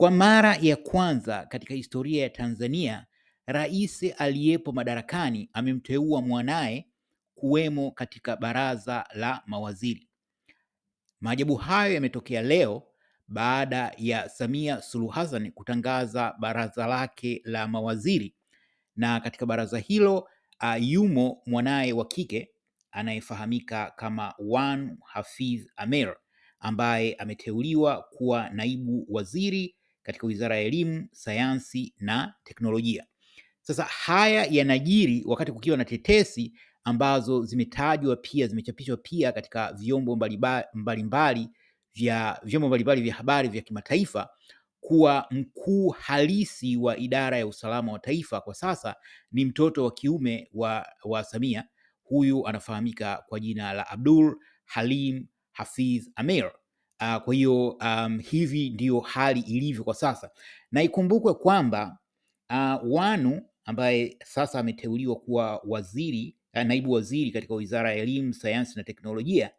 Kwa mara ya kwanza katika historia ya Tanzania, rais aliyepo madarakani amemteua mwanaye kuwemo katika baraza la mawaziri. Maajabu hayo yametokea leo baada ya Samia Suluhu Hassan kutangaza baraza lake la mawaziri, na katika baraza hilo uh, yumo mwanaye wa kike anayefahamika kama Wan Hafidh Amer ambaye ameteuliwa kuwa naibu waziri katika Wizara ya Elimu, Sayansi na Teknolojia. Sasa haya yanajiri wakati kukiwa na tetesi ambazo zimetajwa pia zimechapishwa pia katika vyombo mbalimbali vya vyombo mbalimbali vya habari vya kimataifa kuwa mkuu halisi wa idara ya usalama wa taifa kwa sasa ni mtoto wa kiume wa, wa Samia. Huyu anafahamika kwa jina la Abdul Halim Hafiz Amir. Uh, kwa hiyo um, hivi ndiyo hali ilivyo kwa sasa, na ikumbukwe kwamba uh, Wanu ambaye sasa ameteuliwa kuwa waziri uh, naibu waziri katika Wizara ya Elimu, Sayansi na Teknolojia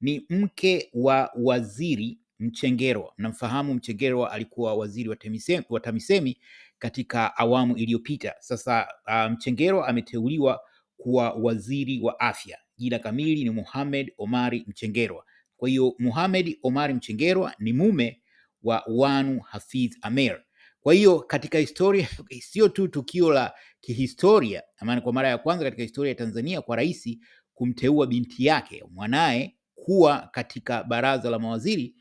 ni mke wa waziri Mchengerwa. Namfahamu Mchengerwa, alikuwa waziri wa TAMISEMI, wa TAMISEMI katika awamu iliyopita. Sasa uh, Mchengerwa ameteuliwa kuwa waziri wa afya. Jina kamili ni Mohamed Omari Mchengerwa. Kwa hiyo Mohamed Omar Mchengerwa ni mume wa Wanu Hafidh Amer. Kwa hiyo katika historia sio tu tukio la kihistoria, maana kwa mara ya kwanza katika historia ya Tanzania kwa rais kumteua binti yake mwanaye kuwa katika baraza la mawaziri,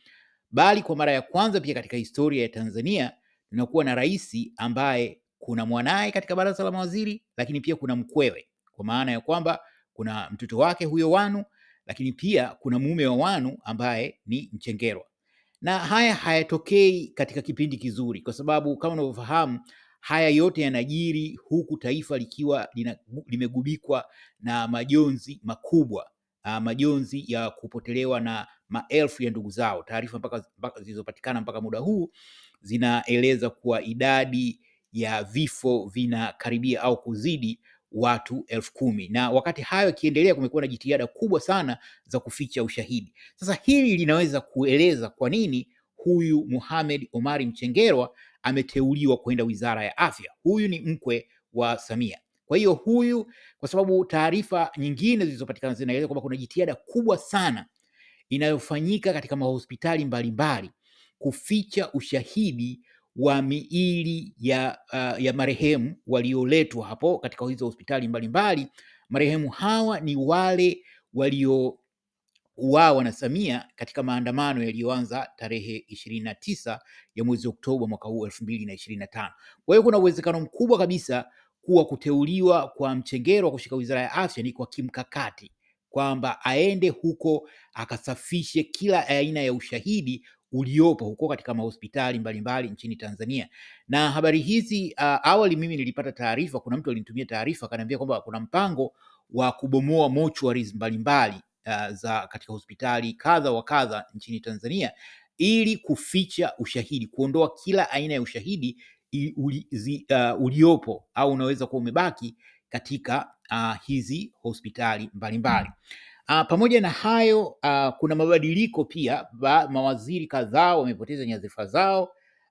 bali kwa mara ya kwanza pia katika historia ya Tanzania tunakuwa na rais ambaye kuna mwanaye katika baraza la mawaziri, lakini pia kuna mkwewe, kwa maana ya kwamba kuna mtoto wake huyo Wanu, lakini pia kuna mume wa Wanu ambaye ni Mchengerwa, na haya hayatokei katika kipindi kizuri, kwa sababu kama unavyofahamu haya yote yanajiri huku taifa likiwa limegubikwa na majonzi makubwa, ah, majonzi ya kupotelewa na maelfu ya ndugu zao. Taarifa mpaka zilizopatikana mpaka muda huu zinaeleza kuwa idadi ya vifo vinakaribia au kuzidi watu elfu kumi na wakati hayo akiendelea kumekuwa na jitihada kubwa sana za kuficha ushahidi. Sasa hili linaweza kueleza kwa nini huyu muhamed Omari Mchengerwa ameteuliwa kwenda Wizara ya Afya. Huyu ni mkwe wa Samia. Kwa hiyo huyu, kwa sababu taarifa nyingine zilizopatikana zinaeleza kwamba kuna jitihada kubwa sana inayofanyika katika mahospitali mbalimbali kuficha ushahidi wa miili ya, uh, ya marehemu walioletwa hapo katika hizo hospitali mbalimbali. Marehemu hawa ni wale waliouawa na Samia katika maandamano yaliyoanza tarehe ishirini na tisa ya mwezi Oktoba mwaka huu elfu mbili na ishirini na tano. Kwa hiyo kuna uwezekano mkubwa kabisa kuwa kuteuliwa kwa Mchengero wa kushika wizara ya afya ni kwa kimkakati kwamba aende huko akasafishe kila aina ya ushahidi uliopo huko katika mahospitali mbalimbali nchini Tanzania. Na habari hizi uh, awali mimi nilipata taarifa, kuna mtu alinitumia taarifa akaniambia kwamba kuna mpango wa kubomoa mochuaris mbalimbali uh, za katika hospitali kadha wa kadha nchini Tanzania ili kuficha ushahidi, kuondoa kila aina ya ushahidi uli, zi, uh, uliopo au unaweza kuwa umebaki katika uh, hizi hospitali mbalimbali mbali. Uh, pamoja na hayo uh, kuna mabadiliko pia ba, mawaziri kadhaa wamepoteza nyadhifa zao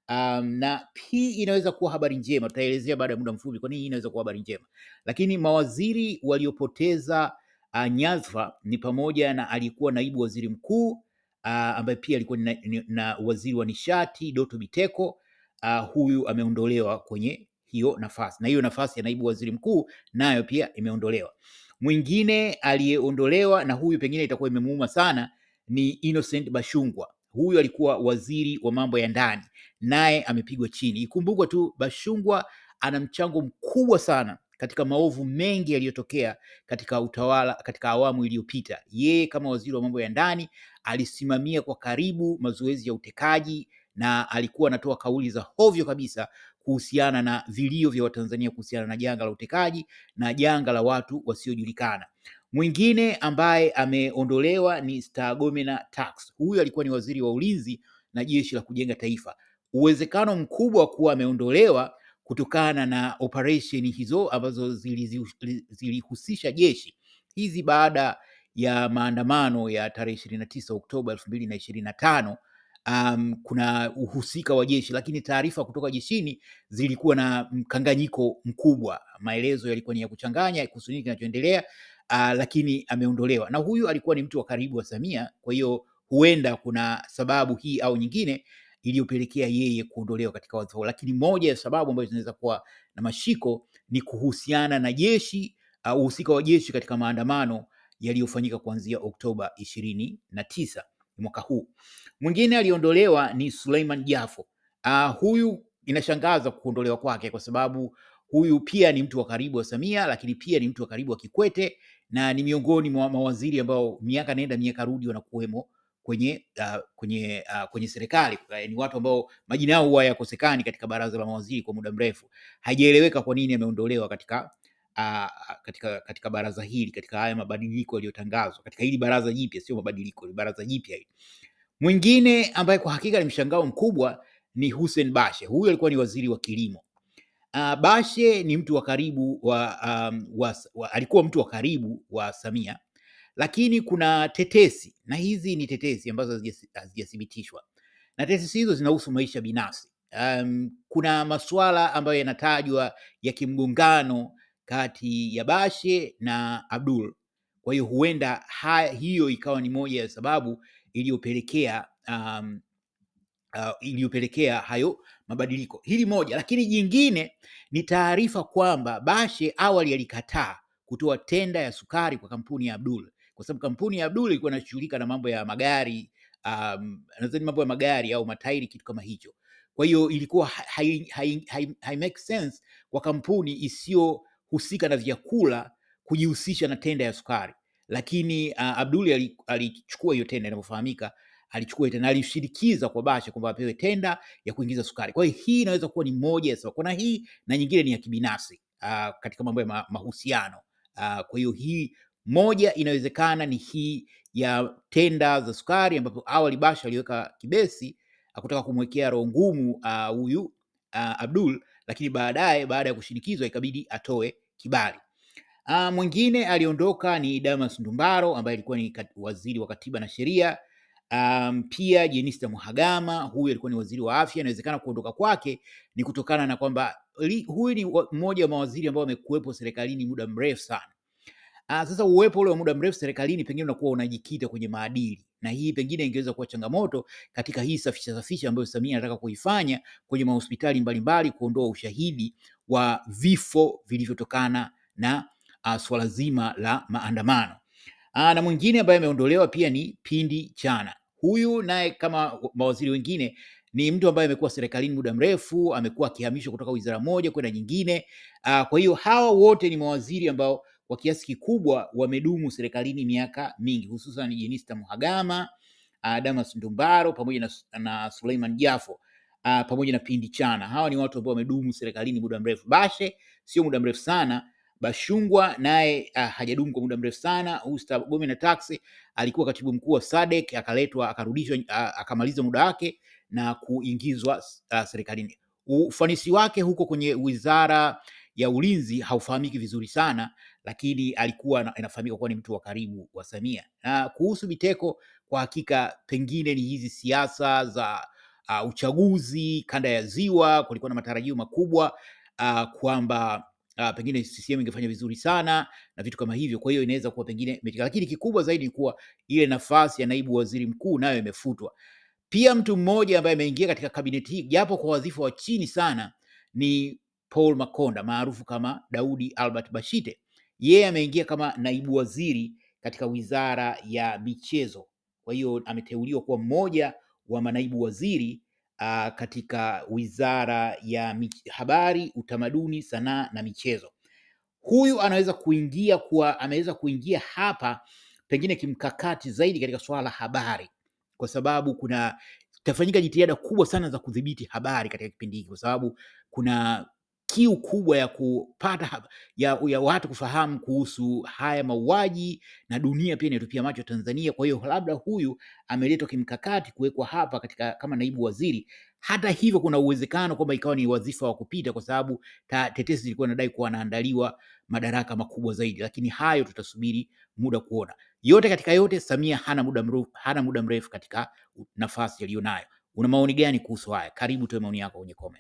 um, na hii inaweza kuwa habari njema. Tutaelezea baada ya muda mfupi kwa nini inaweza kuwa habari njema, lakini mawaziri waliopoteza uh, nyadhifa ni pamoja na aliyekuwa naibu waziri mkuu uh, ambaye pia alikuwa na, na waziri wa nishati Doto Biteko. Uh, huyu ameondolewa kwenye hiyo nafasi, na hiyo nafasi ya naibu waziri mkuu nayo pia imeondolewa. Mwingine aliyeondolewa na huyu pengine itakuwa imemuuma sana ni Innocent Bashungwa. Huyu alikuwa waziri wa mambo ya ndani, naye amepigwa chini. Ikumbukwe tu Bashungwa ana mchango mkubwa sana katika maovu mengi yaliyotokea katika utawala katika awamu iliyopita. Yeye kama waziri wa mambo ya ndani alisimamia kwa karibu mazoezi ya utekaji na alikuwa anatoa kauli za hovyo kabisa kuhusiana na vilio vya Watanzania kuhusiana na janga la utekaji na janga la watu wasiojulikana. Mwingine ambaye ameondolewa ni Stergomena Tax. Huyu alikuwa ni waziri wa ulinzi na jeshi la kujenga taifa. Uwezekano mkubwa wa kuwa ameondolewa kutokana na operesheni hizo ambazo zilihusisha jeshi hizi baada ya maandamano ya tarehe ishirini na tisa Oktoba elfu mbili na ishirini na tano um, kuna uhusika wa jeshi, lakini taarifa kutoka jeshini zilikuwa na mkanganyiko mkubwa. Maelezo yalikuwa ni ya kuchanganya kuhusu nini kinachoendelea, uh, lakini ameondolewa, na huyu alikuwa ni mtu wa karibu wa Samia. Kwa hiyo huenda kuna sababu hii au nyingine iliyopelekea yeye kuondolewa katika wadhifa, lakini moja ya sababu ambayo zinaweza kuwa na mashiko ni kuhusiana na jeshi uh, uhusika wa jeshi katika maandamano yaliyofanyika kuanzia Oktoba ishirini na tisa mwaka huu. Mwingine aliondolewa ni Suleiman Jafo. Uh, huyu inashangaza kuondolewa kwake kwa sababu huyu pia ni mtu wa karibu wa Samia, lakini pia ni mtu wa karibu wa Kikwete na ni miongoni mwa mawaziri ambao miaka nenda miaka rudi wanakuwemo kwenye uh, kwenye uh, kwenye serikali. Eh, ni watu ambao majina yao huwa yakosekani katika baraza la mawaziri kwa muda mrefu. Haijaeleweka kwa nini ameondolewa katika uh, katika, katika baraza hili, katika haya mabadiliko yaliyotangazwa katika hili baraza jipya, sio mabadiliko, ni baraza jipya hili. Mwingine ambaye kwa hakika ni mshangao mkubwa ni Hussein Bashe. Huyu alikuwa ni waziri wa kilimo. Uh, Bashe ni mtu wa karibu wa, um, wa, wa, alikuwa mtu wa karibu wa Samia, lakini kuna tetesi na hizi ni tetesi ambazo hazijathibitishwa na tetesi hizo zinahusu maisha binafsi. Um, kuna masuala ambayo yanatajwa ya kimgongano kati ya Bashe na Abdul. Kwa hiyo huenda ha, hiyo ikawa ni moja ya sababu iliyopelekea um, uh, iliyopelekea hayo mabadiliko. Hili moja, lakini jingine ni taarifa kwamba Bashe awali alikataa kutoa tenda ya sukari kwa kampuni ya Abdul kwa sababu kampuni ya Abdul ilikuwa inashughulika na mambo ya magari um, nadhani mambo ya magari au matairi, kitu kama hicho. Kwa hiyo ilikuwa hai, hai, hai, hai make sense kwa kampuni isiyo husika na vyakula kujihusisha na tenda ya sukari, lakini uh, Abduli alichukua hiyo tenda inavyofahamika, alichukua tenda alishirikiza kwa Bashe kwamba apewe tenda ya kuingiza sukari. Kwa hiyo hii inaweza kuwa ni moja ya sababu, kuna hii na nyingine ni ya kibinafsi uh, katika mambo ya ma mahusiano uh, kwa hiyo hii moja inawezekana ni hii ya tenda za sukari, ambapo awali Bashe aliweka kibesi akutaka kumwekea roho ngumu huyu uh, uh, Abdul lakini baadaye, baada ya kushinikizwa, ikabidi atoe kibali. Uh, mwingine aliondoka ni Damas Ndumbaro ambaye alikuwa ni waziri wa katiba na sheria. Um, pia Jenista Mhagama huyu alikuwa ni waziri wa afya. Inawezekana kuondoka kwake ni kutokana na kwamba huyu ni mmoja wa mawaziri ambao wamekuwepo serikalini muda mrefu sana. Ah, sasa uwepo ule wa muda mrefu serikalini pengine unakuwa unajikita kwenye maadili, na hii pengine ingeweza kuwa changamoto katika hii safisha safisha ambayo Samia anataka kuifanya kwenye mahospitali mbalimbali, kuondoa ushahidi wa vifo vilivyotokana na uh, swala zima la maandamano. Uh, na mwingine ambaye ameondolewa pia ni Pindi Chana. Huyu naye kama mawaziri wengine ni mtu ambaye amekuwa serikalini muda mrefu, amekuwa akihamishwa kutoka wizara moja kwenda nyingine. Uh, kwa hiyo hawa wote ni mawaziri ambao kwa kiasi kikubwa wamedumu serikalini miaka mingi, hususan Jenista Mhagama, ah, Damas Ndumbaro pamoja na, na Suleiman Jafo ah, pamoja na Pindi Chana. Hawa ni watu ambao wamedumu serikalini muda mrefu. Bashe sio muda mrefu sana. Bashungwa naye ah, hajadumu kwa muda mrefu sana. Usta Gome na Taxi alikuwa katibu mkuu wa SADC akaletwa, akarudishwa, akamaliza muda wake na kuingizwa serikalini. Ufanisi wake huko kwenye wizara ya ulinzi haufahamiki vizuri sana, lakini alikuwa anafahamika kuwa ni mtu wa karibu wa Samia. Na kuhusu Biteko, kwa hakika pengine ni hizi siasa za uh, uchaguzi kanda ya Ziwa, kulikuwa na matarajio makubwa uh, kwamba Uh, pengine CCM ingefanya vizuri sana na vitu kama hivyo. Kwa hiyo inaweza kuwa pengine, lakini kikubwa zaidi ni kuwa ile nafasi ya naibu waziri mkuu nayo imefutwa. Pia mtu mmoja ambaye ameingia katika kabineti hii japo kwa wadhifa wa chini sana ni Paul Makonda maarufu kama Daudi Albert Bashite. Yeye ameingia kama naibu waziri katika wizara ya michezo, kwa hiyo ameteuliwa kuwa mmoja wa manaibu waziri uh, katika wizara ya habari, utamaduni, sanaa na michezo. Huyu anaweza kuingia kuwa ameweza kuingia hapa pengine kimkakati zaidi katika swala la habari, kwa sababu kuna tafanyika jitihada kubwa sana za kudhibiti habari katika kipindi hiki, kwa sababu kuna kiu kubwa ya kupata ya, ya watu kufahamu kuhusu haya mauaji na dunia pia inatupia macho Tanzania. Kwa hiyo labda huyu ameletwa kimkakati kuwekwa hapa katika kama naibu waziri. Hata hivyo, kuna uwezekano kwamba ikawa ni wadhifa wa kupita, kwa sababu tetesi zilikuwa nadai kuwa anaandaliwa madaraka makubwa zaidi, lakini hayo tutasubiri muda kuona. Yote katika yote, Samia hana muda mrefu, hana muda mrefu katika nafasi aliyonayo. Una maoni gani kuhusu haya? Karibu tuwe maoni yako kwenye comment.